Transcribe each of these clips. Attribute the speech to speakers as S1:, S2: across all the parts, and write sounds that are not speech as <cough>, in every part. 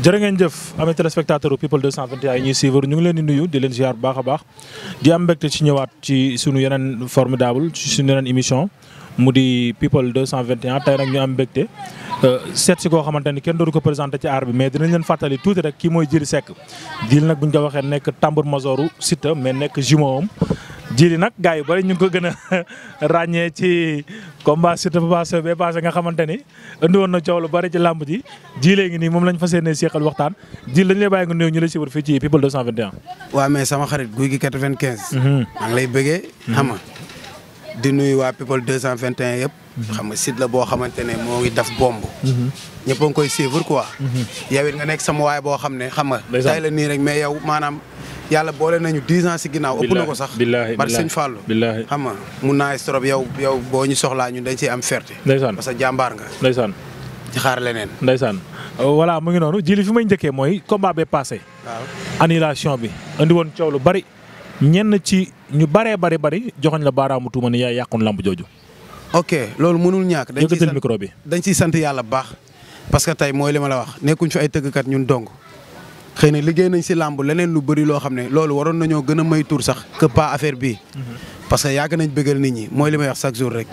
S1: jërë ngeen jëf amee téléspectateur people 221 yi ñuy suivre ñu ngi leen di nuyu di leen ziar bu baax a baax di am mbégte ci ñëwaat ci sunu yeneen formidable sunu yeneen émission mu di people 221 tey nag ñu am mbégte euh, seet si koo xamante ni kenn dootu ko présenté ci aar bi mais dinañ leen fàttali tuuti rek kii mooy Djily Seck Djily nag bu ñu waxee nekk tambour majoru Siteu mais nekk jumeau am jiili nag gars yu bëri ñu ngi ko gën a <laughs> ràññee ci combat surtout Papa Sow bee passé nga xamante ni indi woon na coow lu bëri ci làmb ji jiilee ngi nii moom lañ fas yéenee seqal
S2: waxtaan jiil dañu lay bàyyi nga nuyu ñu lay siiwal fii ci People 221. waaw mais sama xarit guy gi 95. maa ngi lay bëggee. Mhm. xam di nuyu waa People 221 yëpp. Mhm. xam la boo xamante ne moo ngi daf bomb. Mhm. ñëpp a ngi koy suivre quoi. yow it nga nekk sama waay boo xam ne xam nga. day la nii rek mais yow yàlla boole nañu dix ans si ginnaaw. ëpp na ko sax bar sëñ Fallou. billaahi xam nga mun naa trop yow boo ñu soxlaa ñu dañ ciy am fierté. ndeysaan parce que jàmbaar nga. ndeysaan
S1: ci xaar leneen. ndeysaan voilà mu ngi noonu jili fi may njëkkee mooy combat bee passé. annulation bi andi woon coow lu bari. ñenn
S2: ci ñu baree bari bari joxoñ la baaraamu tuuma ni yaay yàqoon lamb jooju. ok loolu mënul ñàkk. dañ ciy sant micro bi dañ ciy sant yàlla baax. parce que tey mooy li ma la wax nekkuñ fi ay tëggkat ñun dong xëy na liggéey nañ si làmb leneen lu bëri loo xam ne loolu waroon nañoo gën a may tur sax que pas affaire bii. parce que yàgg nañ bëggal nit ñi mooy li may wax chaque jour rek.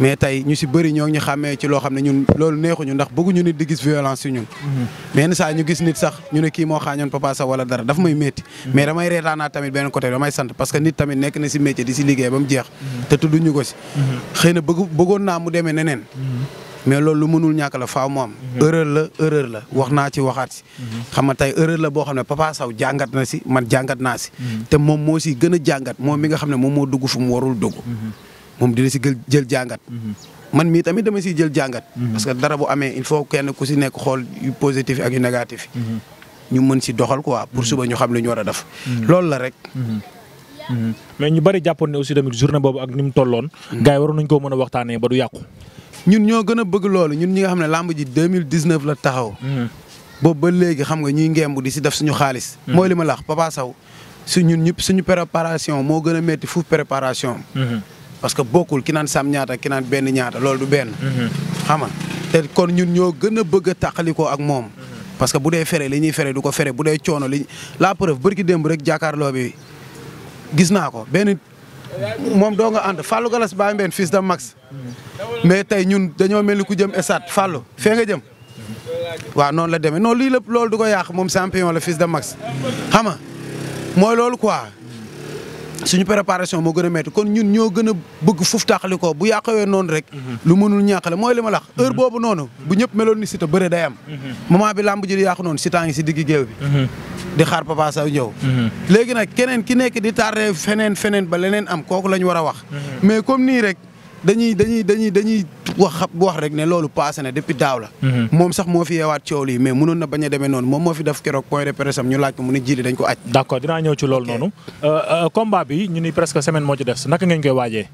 S2: mais tey ñu si bëri ñoo ngi ñu xàmmee ci loo xam ne loolu neexuñu ndax bëgguñu nit di gis violence si ñun. mais saa ñu gis nit sax ñu ne kii moo xaañoon papa sax wala dara daf may métti. mais damay reetaanaat tamit benn côté damay sant parce que nit tamit nekk na si métier di si liggéey na bëggu bëggoon naa mu mais loolu lu mënul ñàkk la faw moom am. Mhm. la erreur la wax naa ci waxaat si. Mhm. xam nga tey erreur la boo xam ne Papa saw jàngat na si man jàngat naa si. Mhm. te moom moo si gën a jàngat moom mi nga xam ne moom moo dugg fu mu warul dugg. moom dina si gël jël jàngat. man mii tamit dama siy jël jàngat. parce que dara bu amee il faut kenn ku si nekk xool yu positif ak yu négatif. ñu mën si doxal quoi pour suba ñu xam li ñu war a def. loolu la rek.
S1: mais ñu bari jàppoon ne aussi tamit journée boobu ak ni mu tolloon. gars yi waroon nañu koo mën a waxtaanee ba du yàqu.
S2: ñun ñoo gën a bëgg loolu ñun ñi nga xam ne làmb ji 2019 la taxaw. boobu ba léegi xam nga ñuy ngemb di si def suñu xaalis. mooy li ma lax Papa Sow su ñun ñëpp suñu préparation moo gën a métti fuuf préparation parce que bokkul ki naan sam ñaata ki naan benn ñaata loolu du benn. xam nga te kon ñun ñoo gën a bëgg a tàqalikoo ak moom. parce que bu dee fere li ñuy fere du ko fere bu dee coono li la preuve bërki démb rek jàkkaarloo bi gis naa ko benn moom doo nga ànd Fallou Galas Baye Mbène fils de Max mais tey ñun dañoo mel ni ku jëm esat Fallou fee nga jëm waa noonu la demee non lii lépp loolu du ko yàq moom champion la fils de Max xam nga mooy loolu quoi suñu préparation moo gën a métti kon ñun ñoo gën a bëgg fuf taaxali ko bu yàqawee noonu rek lu mënul ñàqale mooy li ma lax heure boobu noonu bu ñëpp meloon ni Siteu bëre day am mhm. moment bi làmb ji di yàqu noonu Siteu ngi si digg géew bi mhm. di xaar Papa Sow ñëw. Mm-hmm. léegi nag keneen ki nekk di tardé feneen feneen ba leneen am kooku la ñu war a wax. Mm-hmm. mais comme nii rek dañuy dañuy dañuy dañuy wax wax rek ne loolu passé na depuis daaw la. Mm-hmm. moom sax moo fi yeewaat coow lii mais munoon na bañ a demee noonu moom moo fi def keroog point de presse am ñu laaj ko mu ne jiili dañ ko aj d' accord dinaa ñëw ci loolu noonu. Euh, euh, combat bi ñu ni presque semaine moo ci des naka ngeen koy waajee.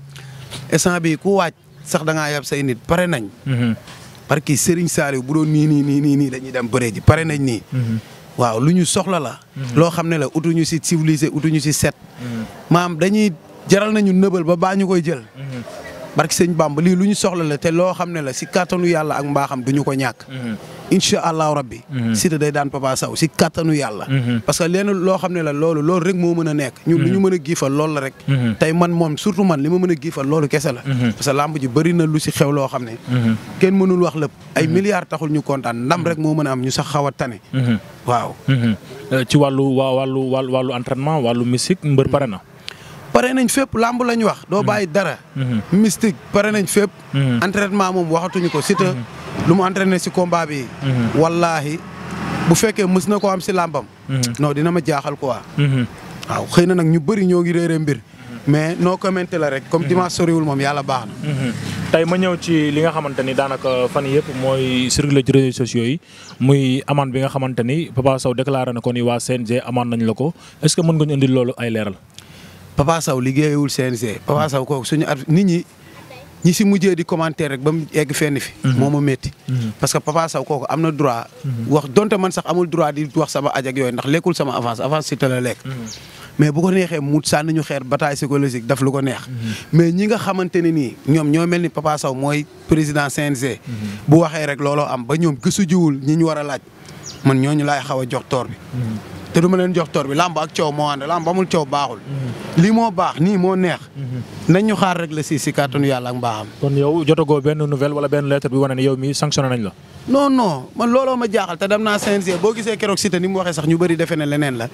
S2: instant bi ku waaj sax da ngaa yab say nii nii nii dem bëree ji pare nañ waaw lu ñu soxla la. Mhm. loo xam ne la utuñu si civilisé utuñu si set. Mhm. maam dañuy jaral nañu nëbal ba baa ñu koy jël. Mhm. barki sëñ Bamba lii lu ñu soxla la te loo xam ne la si kàttanu yàlla ak mbaaxam du ñu ko ñàkk. incha allahu rabbi mhm. Siteu day daan Papa Sow si kàttanu yàlla mhm. parce que leen loo xam ne la loolu loolu rek moo mën a nekk ñun ñu mhm. mën a giifal loolu la rek tey man moom surtout man li ma mën a giifal loolu kese la parce que làmb ji bëri na lu si xew loo xam ne kenn mënul wax lépp ay milliards taxul ñu kontaan ndam rek moo mën a am ñu sax xaw a tane waaw euh, ci wàllu waa wàllu wàllu mbër pare na pare nañ fépp làmb lañ wax doo bàyyi dara mystique pare nañ fépp lu mu entraîné si combat bi. Mhm. wallaahi bu fekkee mës na ko am si làmbam. Mhm. non dina ma jaaxal quoi. Mhm. waaw xëy na nag ñu bëri ñoo ngi réere mbir. mais noo commenté la rek. comme dimanche soriwul moom yàlla baax na. tey ma ñëw ci li nga xamante ni daanaka fan yëpp
S1: mooy circulé ci réseaux sociaux yi muy amende bi nga xamante ni Papa Sow déclaré na ko ni waa CNG amende nañ la ko est-ce que mën nga ñu indil loolu ay leeral.
S2: Papa liggéeyul CNG Papa Sow suñu at ñi si mujjee di commentaire rek ba mu egg fenn fi. Mhm. moo ma métti. Mhm. parce que Papa saw kooku am na droit. Mhm. wax donte man sax amul droit di wax sama ajag ak yooyu ndax lekkul sama avance avance si te la lekk. mais bu ko neexee mu sànni ñu xeer bataille psychologique daf lu ko neex. mais ñi nga xamante ne nii ñoom ñoo mel ni Papa saw mooy président CNG. bu waxee rek looloo am ba ñoom gisu jiwul ñi ñu war a laaj man ñooñu laay xaw a jox toor bi. te du ma leen jox toor bi làmb ak coow moo ànd làmb amul coow baaxul. lii moo baax nii moo neex. nañ ñu xaar rek la si si kàttanu yàlla ak mbaaxam. kon yow jotagoo benn nouvelle wala benn lettre bi wane ne yow mi sanctionné nañ la. looloo ma jaaxal te dem naa CNG boo gisee keroog si te ni mu waxee sax ñu bëri defe ne leneen la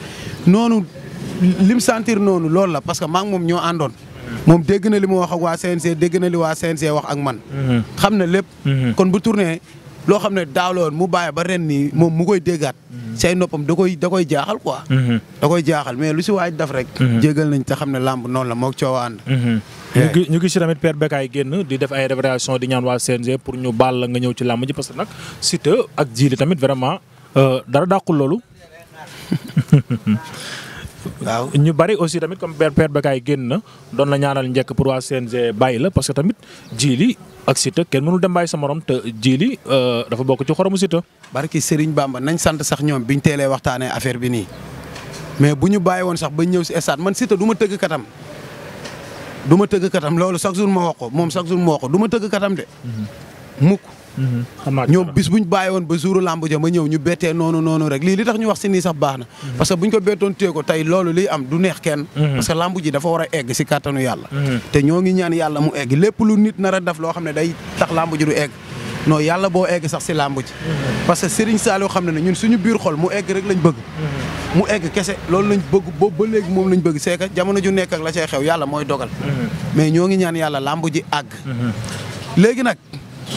S2: noonu lim sentir noonu loolu la parce que maa moom ñoo àndoon. moom dégg na li ma wax ak waa CNG dégg na li waa CNG wax ak man. Mhm. xam na lépp. Mhm. kon bu tourné loo xam ne daaw mu bàyyi ba ren nii moom mu koy déggaat. si ay noppam da koy da koy jaaxal ko mm-hmm. da koy jaaxal mais lu si waaj daf rek. Mm-hmm. jégal nañ te xam ne làmb noonu la moog coow a ànd. ñu gis tamit Père Bécaye génn di def ay révélation di ñaan
S1: waa CNG pour ñu baal la nga ñëw ci làmb ji parce que nag Siteu ak Djily tamit vraiment euh, dara dàqul loolu. <laughs> waaw ñu bari aussi tamit comme Père Bécaye génn na doon la ñaanal njekk pour waa CNG bàyyi la parce que tamit Djily ak Siteu
S2: kenn mënul dem bàyyi sa morom te jiili euh, dafa bokk ci xoromu Siteu. barki Serigne Bamba nañ sant sax ñoom biñ teelee waxtaanee affaire bi nii mais bu ñu bàyyi woon sax bañ ñëw si stade man Siteu du ma tëgg katam du ma tëgg katam loolu chaque jour ma wax moom chaque jour ma wax ko tëgg katam de mhm. mukk ñoom bis buñ bàyyi woon ba jouru lamb ja ma ñëw ñu bettee noonu noonu rek lii li tax ñu wax si nii sax baax na mhm. parce que buñ ko bettoon téye ko tey loolu liy am du neex kenn mhm. parce que lamb ji dafa war a egg si kàttanu yàlla mhm. te ñoo ngi ñaan yàlla mu egg a def sax si lamb ji parce que Serigne Saliou xam ne ne biir xol mu egg rek lañ bëgg mu egg kese loolu lañ bëgg boobu ba léegi moom lañ bëgg c'est que ju nekk la cay yàlla mooy dogal mais ñoo ngi ñaan yàlla lamb ji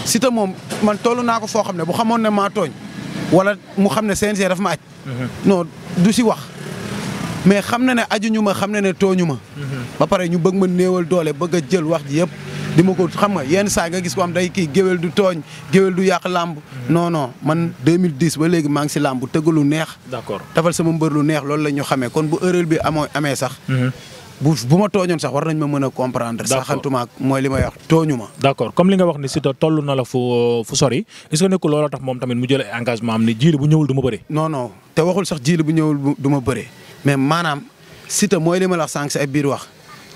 S2: Siteu moom man toll naa ko foo xam ne bu xamoon ne maa tooñ wala mu xam ne CNG daf ma aj mhm. non du si wax mais xam na ne ajuñu ma xam ne ne tooñu ma mhm. ba pare ñu bëgg ma néewal doole bëgg a jël wax ji yëpp di ma ko xam nga yenn saa nga gis ko am day kii géwél du tooñ géwél du yàq làmb mhm. non non man 2010 ba léegi maa ngi si làmb tëgg lu neex d'accord tafal sama mbër lu neex loolu la ñu xamee kon bu erreur bi amoo amee sax bu bu ma tooñoon sax war nañ ma mën a comprendre. d'accord saxantuma mooy li may wax tooñu ma. d'accord comme li nga wax ni
S1: Siteu toll na la fu euh, sori est-ce que nekkul tax moom tamit mu jël engagement am ni jiili bu ñëwul du ma bëri. non
S2: non te waxul sax jiili bu ñëwul du ma mais maanaam Siteu mooy li la wax sànq si ay biir wax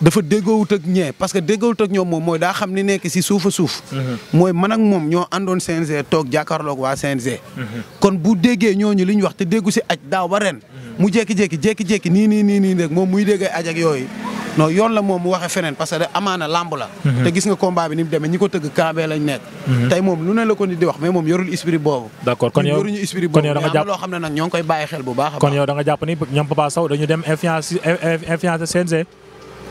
S2: dafa déggoowut ak ñee parce que déggoowut ak ñoom moom mooy daa xam ni nekk si suufa suuf. Mm-hmm. mooy man ak moom ñoo àndoon CNG toog jàkkaarloog waa mu jékki-jékki jékki-jékki nii nii nii nii moom muy dégg aj yooyu non yoon la moom mu waxee feneen parce que amaana lamb mhm. te gis nga combat bi ni mu demee ñi ko tëgg kambee lañ nekk mhm. tey moom lu ne la ko nit di wax mais moom yorul esprit boobu
S1: yoruñu esprit boobu mais am
S2: xam ne nag ñoo koy bàyyi xel bu baax a kon yow da nga jàpp ni ñoom Papa Sow dañu dem influence influence CNG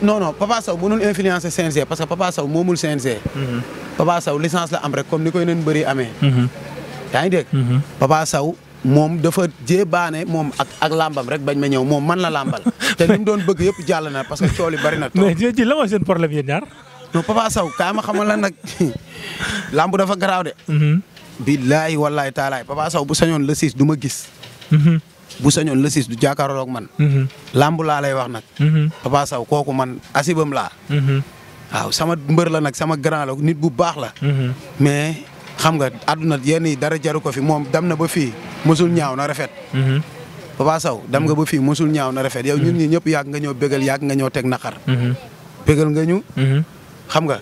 S2: non non Papa Sow mënul influencer CNG parce que Papa Sow moomul CNG mhm. Papa Sow licence la am rek comme ni koy neen moom dafa jéebaane moom ak ak làmbam rek bañ ma ñëw moom man la làmbal te li mu doon bëgg yëpp jàll na parce que cool yi bari na. mais la mooy seen problème yéen ñaar. non Papa Sow kaa ma xamal la nag <laughs> làmb dafa garaaw de. Mm-hmm. billaahi wallaahi taalaay Papa Sow bu sañoon le six du ma gis. Mm-hmm. bu sañoon le six du jàkkaarloo ak man. Mm-hmm. làmb laa lay wax nag. Papa Sow kooku man asibam laa. waaw sama mbër la nag sama grand la nit bu baax la. mais. xam nga àdduna yenn yi dara jaru ko fi moom dem na ba fii mosul ñaaw na rafet. Mhm. Papa Sow dem nga ba fii mosul ñaaw na rafet. yow ñun mhm. ñi ñëpp yàgg nga ñëw bégal yàgg nga ñëw teg naqar. Mhm. bégal nga ñu. xam nga.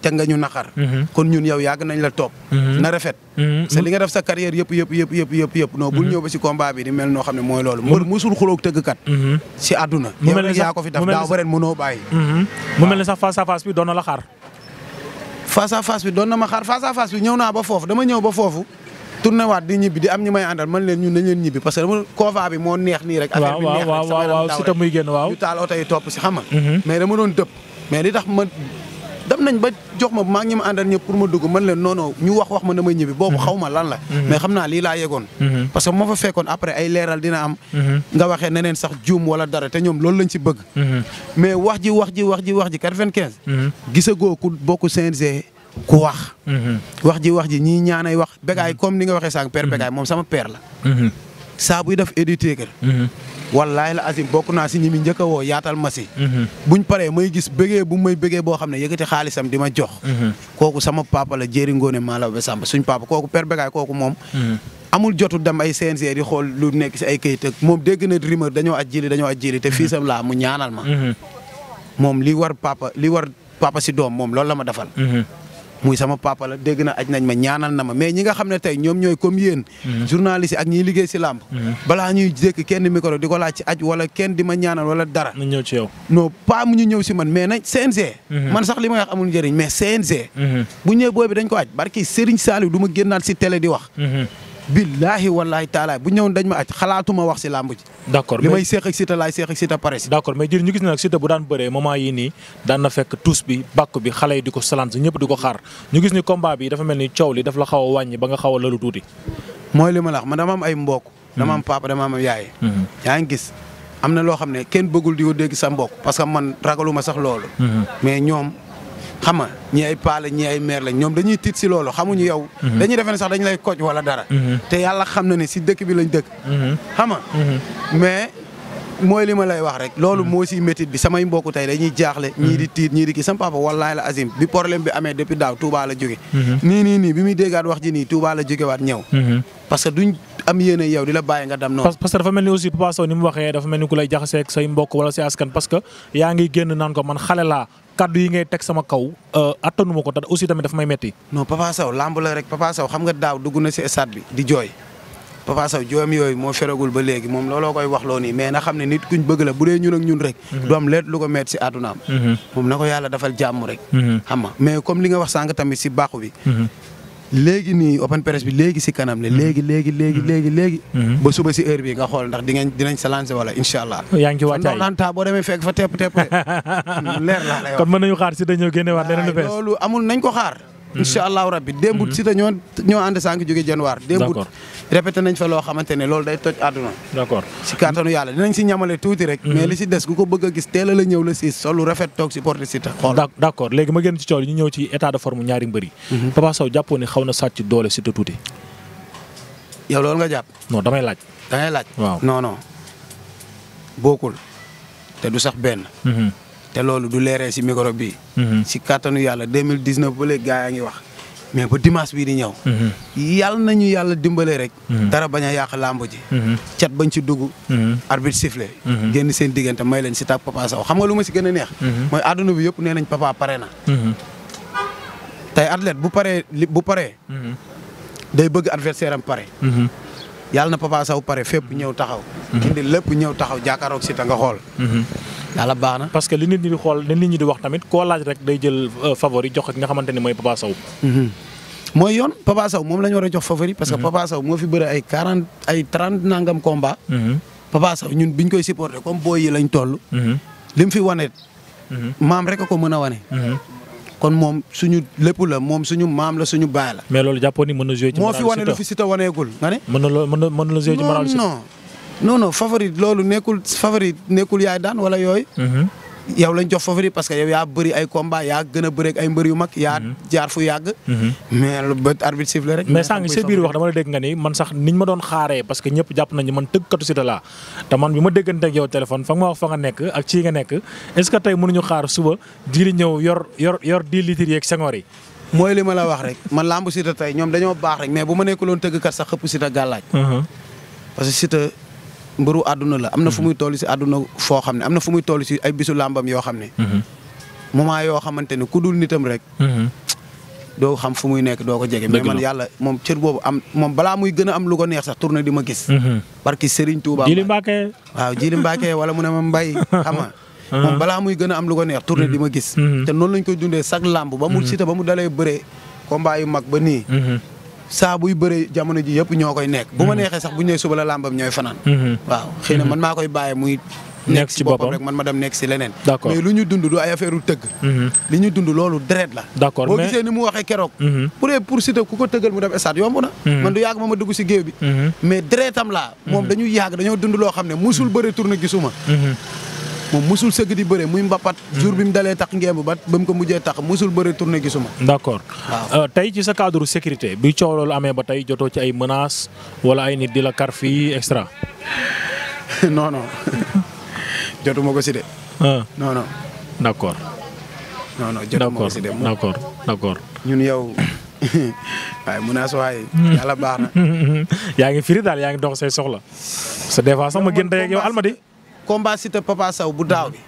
S2: teg nga ñu naqar. kon ñun yow yàgg nañ la topp. na rafet. sa li nga def sa carrière yëpp yëpp yëpp yëpp yëpp yëpp non bul ñëw ba si combat di mel noo xam ne mooy loolu. mbër musul xuloog tëggkat. si àdduna. mu mel ne sax yaa ko fi daf daaw ba ren mënoo
S1: bàyyi. mu mel ne sax face à doon na la
S2: xaar. face à bi doon na ma xaar face à bi ñëw naa ba foofu dama ñëw ba foofu tourné waat di ñibbi di am ñu may àndal man leen ñun nañ leen ñibbi parce que dama koofaa bi moo neex nii rek affaire bi neex rek sama yaram taw ñu taal oto yi topp si xam nga mhm. mais dama doon dëpp mais li tax ma dem nañ ba jox ma maa ngi ma àndal ñëpp pour ma dugg man leen non ñu wax wax ma damay ñibbi boobu mhm. xaw ma lan la mhm. mais xam naa lii laa yegoon mhm. parce que moo fa fekkoon après ay leeral dina am nga waxee neneen sax juum wala dara te ñoom loolu lañ ci bëgg mais wax ji wax ji wax ji wax ji
S3: quatre-vingt-quinze
S2: boo ku bokk CNG ku wax wax ji wax ji ñii ñaanay wax Bécaye comme ni nga waxee sànq père Bécaye moom sama père la saa buy def édité wallaahi la azim bokk naa si ñi mi njëkk woo yaatal ma si. Mhm. buñ paree may gis bëggee bu may bëggee boo xam ne yëkkati xaalisam di ma jox. Mhm. kooku sama papa la jéeri ngoone maalaw ba sàmb suñ papa kooku per begaay kooku moom. Mhm. amul jotu dam ay CNG di xool lu nekk si ay kayit ak moom dégg na rumeur dañoo aj jili dañoo aj te fii sam laa mu ñaanal ma. moom li war papa li war papa si doom moom loolu la ma defal. muy sama papa la dégg na aj nañ ma ñaanal na ma mais ñi nga xam ne tey ñoom ñooy comme yéen. Mm-hmm. journaliste ak ñiy liggéey si làmb. Mm-hmm. balaa ñuy jékki kenn micro di ko laaj ci aj wala kenn di ma ñaanal wala dara. na ñëw ci yow non pas mu ñu ñëw si man mais nag CNG. Mm-hmm. man sax li ma wax amul njëriñ mais CNG. bu ñëwee booy bi dañ ko aj barki Serigne Saliou du ma génnaat si télé di wax. billaahi wallaahi taalaay bu ñëwoon dañ ma aj xalaatuma wax si làmb ji.
S1: d' li may seex
S2: ak laay seex ak pare si. d' accord mais jërëjëf ñu gis na nag Siteu bu daan bëree
S1: moment yii na fekk tuus bi bàkk bi xale yi di ko salant ñëpp di ko xaar ñu gis ni combat bi
S2: dafa mel ni coow li daf la xaw a wàññi ba nga xaw a lalu tuuti. mooy li ma la man dama am ay mbokk. dama am mhm. papa dama am yaay. Mhm. yaa ngi gis am na loo xam ne kenn bëggul di ko dégg sa mbokk parce man ragaluma sax loolu. Mhm. mais ñoom xam nga ñi ay paa la ñi ay meer la ñoom dañuy tiit si loolu xamuñu yow. Mhm. dañuy defe ne sax dañu lay koj wala dara. Mhm. te yàlla xam na ne si dëkk bi lañ dëkk. Mhm. xam nga mooy li ma lay wax rek loolu mm-hmm. moo si métit bi samay mbokk tey dañuy jaaxle ñii di mm-hmm. tiit ñii di kii sama papa wallaahi la azim bi problème bi amee depuis daaw Touba la jóge
S3: mm-hmm. nii
S2: nii bi muy déggaat wax ji nii Touba la jógewaat ñëw parce que am yéene yow di la bàyyi nga dem noonu
S1: parce dafa mel ni aussi Papa Sow ni mu waxee dafa mel ni ku lay jaxasee ak say mbokk wala say askan parce que yaa sama kaw euh, attanu ma ko may metti
S2: non Papa Sow lamb la rek Papa Sow xam nga daaw dugg na si bi di jooy Papa Sow joom yooyu moo feragul ba léegi moom looloo koy wax loo nii mais na xam ne nit kuñ bëgg la bu dee ñun ak ñun rek mhm. du am leet lu ko meet si àddunaam mhm. moom na ko yàlla dafal jàmm rek mhm. xam nga mais comme li la léegi léegi léegi léegi léegi ba suba si heure bi nga xool ndax di <laughs> amul nañ ko xaar Mm-hmm. incha allahu rabbi démb mm-hmm. si te ñoo ñoo ànd sànq jóge janwaar démb répété nañ fa loo xamante ne loolu day toj àdduna d'accord si kàttanu yàlla dinañ si ñamale tuuti rek mm-hmm. mais li si des ku ko bëgg a gis teel a la ñëw la si solu rafet toog si porte xool léegi ma génn ci coow ñu ñëw ci état de forme ñaari mbëri
S1: Papa Sow jàppoo ne xaw na sàcc doole si te tuuti yow loolu nga jàpp non damay laaj damay
S2: laaj waaw bokkul te du sax benn te loolu du leeree si micro bi si mhm. kàttanu yàlla 2019 ba léegi gaa yaa ngi wax mais ba dimanche bii di ñëw mhm. yàlla nañu yàlla dimbale rek mhm. dara bañ a yàq làmb ji cat bañ ci dugg arbitre sifflé génn seen diggante may leen si tàgg Papa Sow xam nga lu ma si gën a neex mooy àdduna bi yëpp nee nañ papa pare na tey athlète bu paree bu paree day bëgg adversaire am pare yàlla na Papa Sow pare fépp ñëw taxaw indi lépp ñëw taxaw jàkkaaroog si ta xool yàlla baax na parce que li nit
S1: ñi di xool li nit ñi di wax tamit koo laaj rek day jël euh, favori jox ak nga xamante ni mooy Papa Sow.
S3: Mhm.
S2: mooy yoon Papa moom la war a jox favori. parce que mhm. Papa Sow moo fi bëre ay quarante ay trente nangam combat. Mhm. Papa Sow ñun biñ koy supporter comme booy yi lañ toll. lim fi wane. maam rek a ko mën a wane. kon moom suñu lépp la moom suñu maam la suñu baay la. mais loolu jàppoon ni mën na jouer ci. moo fi wane lu fi Siteu waneegul nga ne. mën non non favori loolu nekkul favori nekkul yaay daan wala yooyu. Mhm. yow lañ jox favori parce que yaa bëri ay combat yaa gën a bëri ak ay mbër yu mag. yaa mhm. jaar fu yàgg. Mhm. mais lu bët arbitre siffle rek. mais sa biir wax dama la dégg nga ni man sax niñ ma doon xaaree parce que ñëpp jàpp nañu man
S1: tëggkatu Siteu laa te man bi ma déggante yow téléphone fa ma wax fa nga nekk ak ci nga nekk est-ce que tey
S2: mënuñu xaar suba di ñëw yor yor yor 10 litres yi. mooy li ma la wax rek man lamb Siteu tey ñoom dañoo baax mais bu ma nekkuloon tëggkat sax xëpp Siteu gàllaaj mbëru àdduna la am na fu muy mhm. toll si àdduna foo xam ne am na fu muy toll si ay bisu làmbam yoo xam ne mhm. moment yoo xamante ne ku dul nitam rek mhm. doo xam fu muy nekk doo ko jege mais man yàlla moom cër boobu am moom balaa muy gën am lu ko neex sax tourné di ma gis barki Serigne Touba Jili Mbacke waaw Jili Mbacke wala mu ne ma mbay xam nga <laughs> moom balaa gën a am ko neex tourné di ma gis te noonu lañ koy dundee chaque làmb ba mu sita ba mu dalee bëree combat yu mag ba nii saa buy bëree jamono ji yëpp ñoo koy nekk. bu ma mhm. neexee sax bu ñu nee suba la làmbam ñooy fanaan. Mhm. waaw xëy na mhm. man maa koy bàyyi muy. nekk ci boppam rek man ma dem nekk si leneen. d'accord lu ñu dund du ay affaire tëgg. li ñu dund loolu deret la. d'accord mais boo gisee ni mu waxee keroog. pour eh, pour Siteu ku ko tëggal mu dem stade yomb na. man du yàgg ma ma dugg si géew bi. mais deretam laa. moom dañu yàgg dañoo dund loo xam ne musul bëri tournée gisuma. moom musul sëgg di bëre muy mbapat jour bi mu dalee tax ngemb bu ba mu ko mujjee tax musul bëre tournée gisuma
S1: d' accord waaw euh, tey ci sa cadre sécurité bi coow loolu amee ba tey jotoo ci ay menaces wala ay nit di la kar fii extra
S2: <laughs> non <laughs> jotuma ko si de ah. non accord non non jotuma ko si de d'
S1: accord d'
S2: ñun yow <laughs> waaye menace waaye hmm. yàlla baax na yaa ngi firi daal yaa ngi dox say soxla sa des sax ma gën tey ak yow almadi combat Siteu Papa Sow bi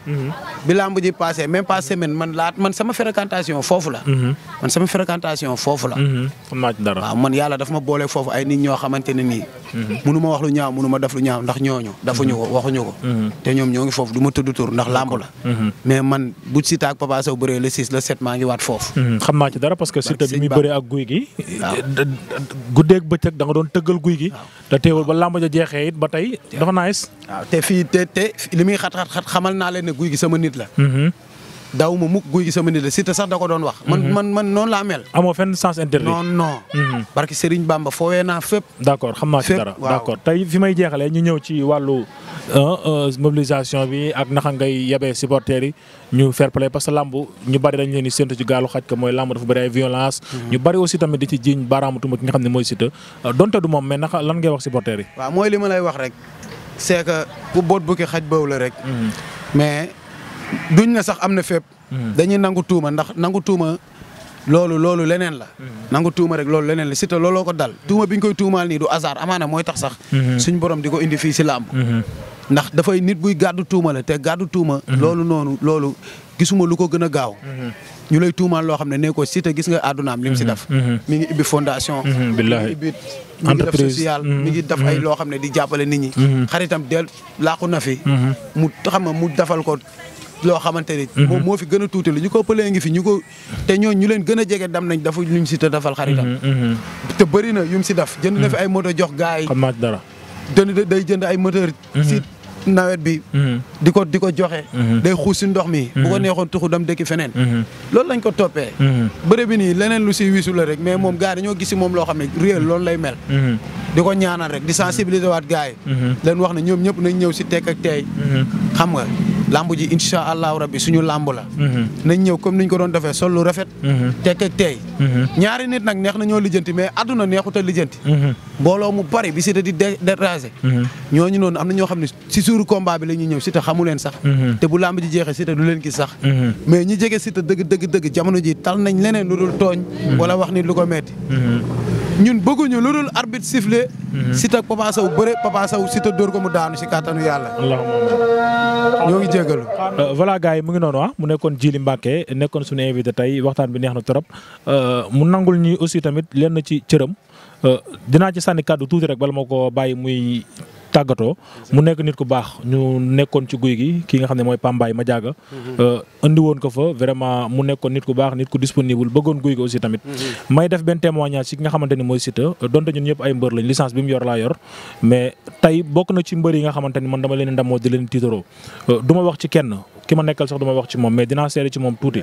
S2: mhm. bi lamb ji passé même semaine man laat man sama fréquentation foofu la. Mhm. man sama fréquentation foofu la. Mhm. man yàlla daf ma boole foofu ay nit ñoo xamante ne nii. Mhm. munu ma wax lu ñaaw munu ma def lu ñaaw ndax ñooñu. dafuñu ko waxuñu ko. te ñoom ñoo ngi foofu du ma tudd tur ndax lamb la. mais man bu Siteu ak Papa Sow bëree le 6 le 7 maa ngi waat foofu. xam naa ci dara parce que Siteu a muy bëree ak guy
S1: gi. waaw guddeeg bëccëg doon tëggal guy gi. te teewul
S2: nit mhm. daaw ma mukk guy gi sama nit la Siteu sax da doon wax. Mhm. man noonu laa mel. amoo fenn sens interdit.
S1: Mhm.
S2: barki Serigne Bamba foowee naa fépp. d' accord xam naa ci dara d' accord tey fi may jeexalee
S1: ñu ñëw ci wàllu euh, euh, mobilisation bi ak naxa ngay yebee supporters yi ñu fair play parce que làmb ñu bari dañ leen di séntu ci gaalu xaj ko mooy làmb dafa bari ay violence. ñu bari aussi tamit di ci jiiñ baaraamu ki nga xam ne mooy Siteu euh, donte du moom mais naka lan ngay wax supporters yi.
S2: la duñ ne sax am na fépp. Hmm. dañuy nangu tuuma ndax nangu tuuma loolu loolu leneen la. Hmm. nangu tuuma rek loolu leneen la Siteu looloo ko dal tuuma bi ñu koy tuumaal nii du hasard amaana mooy tax sax. Hmm. suñ borom di ko indi fii si làmb. ndax dafay nit buy gàddu tuuma la te gàddu tuuma. loolu noonu loolu gisuma lu ko gën a gaaw. ñu lay tuumaal loo xam ne nee ko Siteu gis nga àddunaam lim si def. mi ngi ibbi fondation. billahi mi ngi ibbi mi ay loo xam ne di jàppale nit ñi. xaritam del laaxu na fi. mu xam mu defal ko. loo xamante ni mhm. moom moo fi gën a tuuti la ñu ko pëlee ngi fi ñu ko te ñoo ñu leen gën a jege dam nañ dafa luñ si te dafal xaritam mhm, mhm. te bëri na yum si daf jënd na fi ay moto jox gars yi dara day jënd ay moteur nawet bi di ko di ko joxe day xuus si ndox mi bu ko neexoon tuxu dam dëkki feneen loolu lañ ko toppee bëre bi nii leneen lu si wisu la rek mais moom gars yi dañoo gis si moom loo xam ne réel loolu lay mel di ko ñaanal rek di sensibiliser waat gars yi leen wax na ñoom ñëpp nañ ñëw si tekk ak teey xam nga lamb ji incha allahu rabbi suñu lamb la. Mhm. nañ ñëw comme niñ ko doon defee sol lu rafet. Mhm. tekk ak tey. Mhm. ñaari nit nag neex na ñoo lijjanti mais àdduna neexut a lijjanti. mbooloo mu bari bi Siteu di déranger. ñooñu noonu am na ñoo xam ne si suuru combat bi la ñuy ñëw Siteu xamu leen sax. te bu lamb ji jeexee Siteu du leen gis sax. mais ñi jege Siteu dëgg dëgg dëgg jamono ji tal nañ leneen lu dul tooñ. wala wax nit lu ko metti ñun bëgguñu lu dul arbitre sifflé. Mhm. Siteu ak Papa Sow bëre Papa Sow Siteu dóor ko mu daanu si kàttanu yàlla. allahumma ñoo ngi jégalu.
S1: Euh, voilà gars yi mu ngi noonu ah mu nekkoon Djily Mbacké nekkoon suñu invité tey waxtaan bi neex na trop euh, mu nangul ñi aussi tamit lenn ci cëram euh, dinaa ci sànni kàddu tuuti rek bala moo ko bàyyi muy. tàggatoo mu nekk nit ku baax ñu nekkoon ci guy gi ki nga xam ne mooy Pambaay ma jaaga mhm. euh, indi ko fa vraiment mu nekkoon nit ku baax nit ku disponible bëggoon guy gi aussi tamit mhm. may def benn témoignage ci ki nga xamante mooy Siteu euh, donte ñun ñëpp ay mbër lañ licence bi mu yor laa yor mais tey bokk na ci mbër yi nga xamante man dama leen ndamoo di leen tiitaroo euh, du wax ci kenn ki ma nekkal sax du wax ci moom mais dinaa seede ci moom tuuti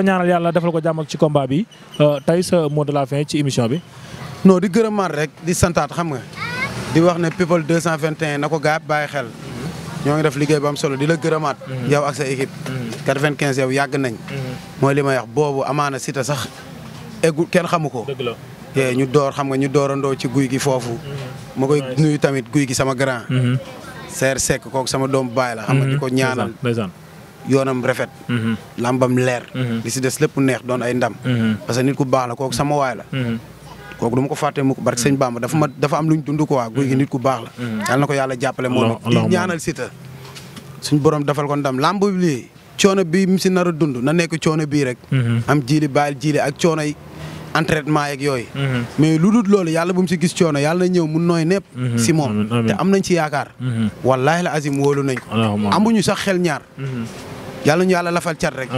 S1: ko ñaanal yàlla defal ko jàmm
S2: ci combat bi euh, tey sa mot de la fin ci émission bi. non di gërëmaat rek di santaat xam nga di wax ne people 221 na ko gaab bàyyi xel. ñoo ngi def liggéey bu am solo di la gërëmaat. Mhm. yow ak sa équipe. 95 mhm. yow yàgg nañ. Mhm. mooy li may wax boobu amaana Siteu sax eggu kenn xamu ko. dëgg la te ñu door xam nga ñu doorandoo ci guy gi foofu. ma koy nuyu tamit guy gi sama grand. seer sekk kooku sama doom baay la. xam nga di ko ñaanal. yoonam rafet. Mhm. làmbam leer. Mhm. li si des neex doon ay ndam. Mhm. parce que nit ku baax la kooku sama waay la. kooku du ma ko fàtte mu ko barke sëñ Bamba dafa ma dafa am lu ñu dund a guy gi nit ku baax la. yàlla na ko yàlla jàppale moom di ñaanal Siteu suñ borom defal ko ndam làmb lii coono bii mu si nar a dund na nekk coono bii rek. am jiili baal jiili ak coono entraînement yeeg yooyu. Mhm. mais lu dul loolu yàlla bu mu si gis coono yàlla na ñëw mu nooy nepp. Mhm. si mhm. te am nañ ci yaakaar. wallaahi la azim wóolu nañ ko. amuñu sax xel ñaar. yàlla ñu yàlla lafal cat rek.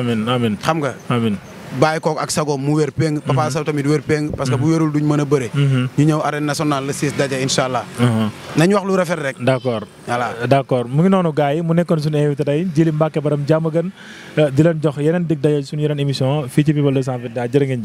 S2: xam nga. amiin kook ak sagoom mu wér péng. papa saw tamit wér péng. parce que bu wérul duñ mën a bëre. ñu ñëw arène nationale le 6 daje incha allah. nañ wax lu rafet rek. d' euh, mu ngi noonu gars mu nekkoon suñu
S1: invité tey Djily Mbacké borom jàmm gën euh, di